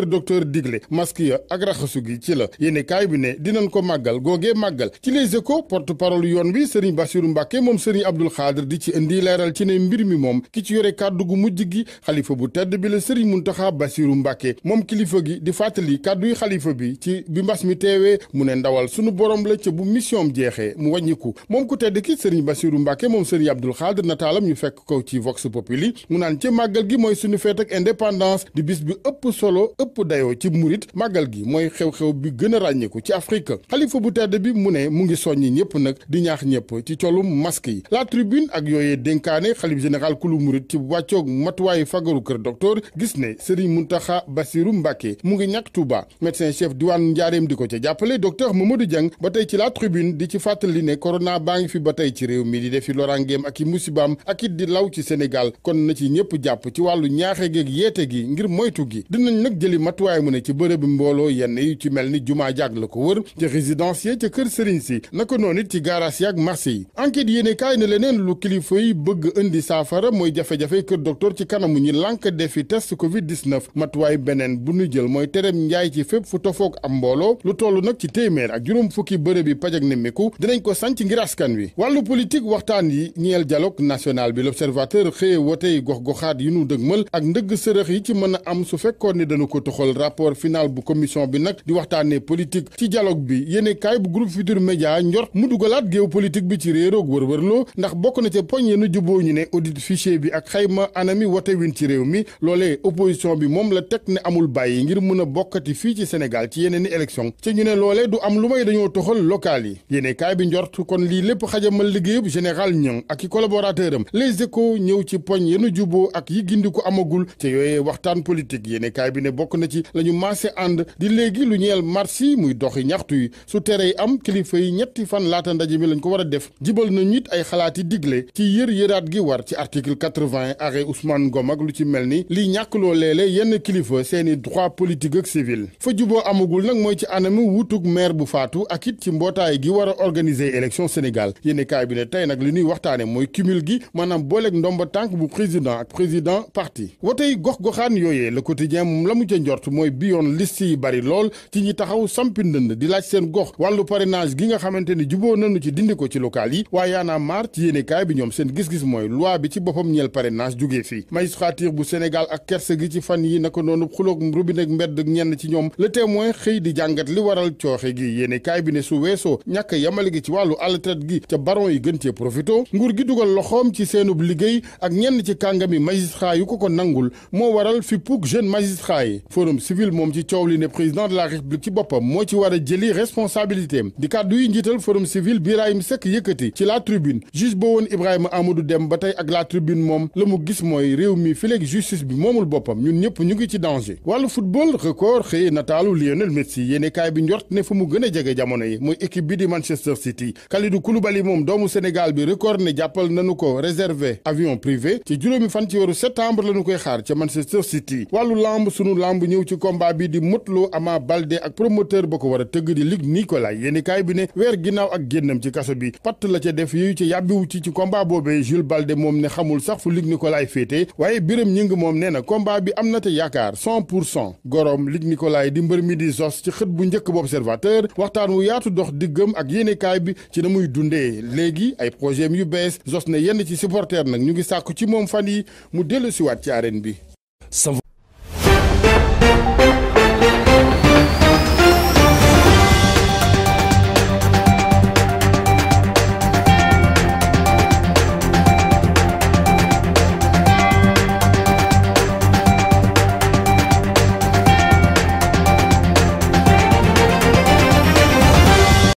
kër docteur digle masque ya ak raxasu gi ci la yéene kaay bi ne dinañ ko màggal googee màggal ci les échos porte parole yoon bi sëriñ Bassirou Mbàkke moom sëriñ Abdul Xaadir di ci indi ci ne mbir mi moom ki ci yore kàddu gu mujj gi xalifa bu tedd bi la sëriñ Muntaxa Bassirou Mbàkke moom kilifa gi di fàttali kàdduy xalifa bi ci bi mbas mi teewee mu ne ndawal sunu borom la ca bu mission jeexee mu wàññiku moom ku tedd ki sëriñ Bassirou Mbàkke moom sëriñ Abdul Xaadir nataalam ñu fekk ko ci Vox Populi mu naan ci màggal gi mooy suñu ëpp dayoo ci murit màggal gi mooy xew-xew bi gën a ràññeeku ci Afrique xalifa bu tedd bi mu ne mu ngi soññi ñëpp nag di ñaax ñëpp ci colum masque yi la tribune ak yooyee dénkaane xalif général kulu murit ci wàccoog matuwaayu fagaru kër docteur gis ne Serigne Muntaxa Basiru Mbàkke mu ngi ñàkk Touba médecin chef diwaanu njaareem di ko ca jàppale docteur Mamadou Dieng ba tey ci la tribune di ci fàttali ne corona baa ngi fi ba tey ci réew mi di defi lorangeem ak i musibaam ak it di law ci Sénégal kon ci ñëpp jàpp ci wàllu ñaaxe geeg gi ngir gi matuwaay mu ne ci bërëb bi mbooloo yenn yu ci mel ni jumaa jàg la ko wër ci résidence ya ca kër sëriñ si naka noonu it ci gaaraas yaak marché yi enquête yéene kaay na leneen lu kilifa yi bëgg indi saafara mooy jafe-jafe kër docteur ci kanamu ñi lànk defi test covid 19 matuwaay beneen bu ñu jël mooy tereem njaay ci fépp fu tofoog am mbooloo lu toll nag ci téeméer ak juróom fukki bërëb yi paj ak nemmiku dinañ ko sanc ngir askan wi wàllu politique waxtaan yi ñeel dialogue national bi l'observateur xëye wootey gox goxaat yi nu dëgmal ak ndëgg sërëx yi ci mën a am su fekkoon ni dañu ko ko toxal rapport final bu commission bi nag di waxtaanee politique ci dialogue bi yéene kaay bu groupe Futurs Médias njort mu dugalaat géopolitique bi ci réeroog wërwërloo ndax bokk na ci a bokkati i élection ci i collaborateur am les échos ñëw ci poñ yenn juboo ak yi gindi ko amagul ca yooyee waxtaan politique yéene kaay bi ne bokk bokk na ci lañu ñu and di léegi lu ñeël marsi muy doxi ñaxtu yi su téré am kilifa yi ñetti fan laata ndaje mi lañ ko wara def jibal na ñit ay xalaat yi digle ci yër yëraat gi war ci article 80 arrêt Ousmane Gomak lu ci melni li liy lo lélé yenn kilifa seeni droit politique ak civil fa jubo amagul nak moy ci anam wutuk maire bu faatu ak it ci mbootaay gi wara organiser élection Sénégal yéene cabinet tay nak li ñuy waxtaane moy cumul gi maanaam booleeg ndomba tank bu président ak président parti wotey gox goxane yoyé le quotidien mum la mu njort mooy bi yoon liste yi bari lool ci ñi taxaw sampi ndënd di laaj seen gox wàllu parrainage gi nga xamante ni juboo nanu ci dindi ko ci local yi waaye yaanaa maar ci yéenekaay bi ñoom seen gis-gis mooy loi bi ci boppam ñeel parrainage jóge fii magistrature bu Sénégal ak kerse gi ci fan yi ko noonu xuloog rubinek mbedd ñenn ci ñoom le témoin xëy di jàngat li waral cooxe gi kaay bi ne su weesoo ñàkk yamale gi ci wàllu altraite gi ca baron yi gën cee profito gi dugal loxoom ci seenub liggéey ak ñenn ci kàngami magistrat yu ko ko nangul moo waral fi puug jeune magistrat yi forum civil mom ci président de la république ci a ci di forum civil Birahim Seck yekeuti ci la tribune juge ba Amadou Dem batay la tribune Mom lamu gis justice bi Momul Bopam ñun ñep ñu danger Walu football record xey natalu Lionel Messi yene bi ne équipe bi Manchester City Kalidou Koulibaly mom doomu Sénégal bi record ne réservé avion privé ci juroomi fan ci septembre lañu Manchester City walu lamb démb ñëw ci combat bi di Modou Lo Ama Baldé ak promoteur ba ko war a tëgg di Luc Nicolaï yéenekaay bi ne weer ginnaaw ak génnam ci kaso bi patt la ca def yooyu ci yàbbiwu ci ci combat boobee Jules Baldé moom ne xamul sax fu Luc Nicolaï féete waaye Biram Ñing moom nee na combat bi am na te yaakaar 100 pour cent gorom Luc Nicolaï di mbër mi di sos ci xët bu njëkk bu observateur waxtaan wu yaatu dox diggam ak yéenekaay bi ci na muy dundee léegi ay projet yu bees sos ne yenn ci supporter nag ñu ngi sàkku ci moom fan yi mu dellu siwaat ci arène bi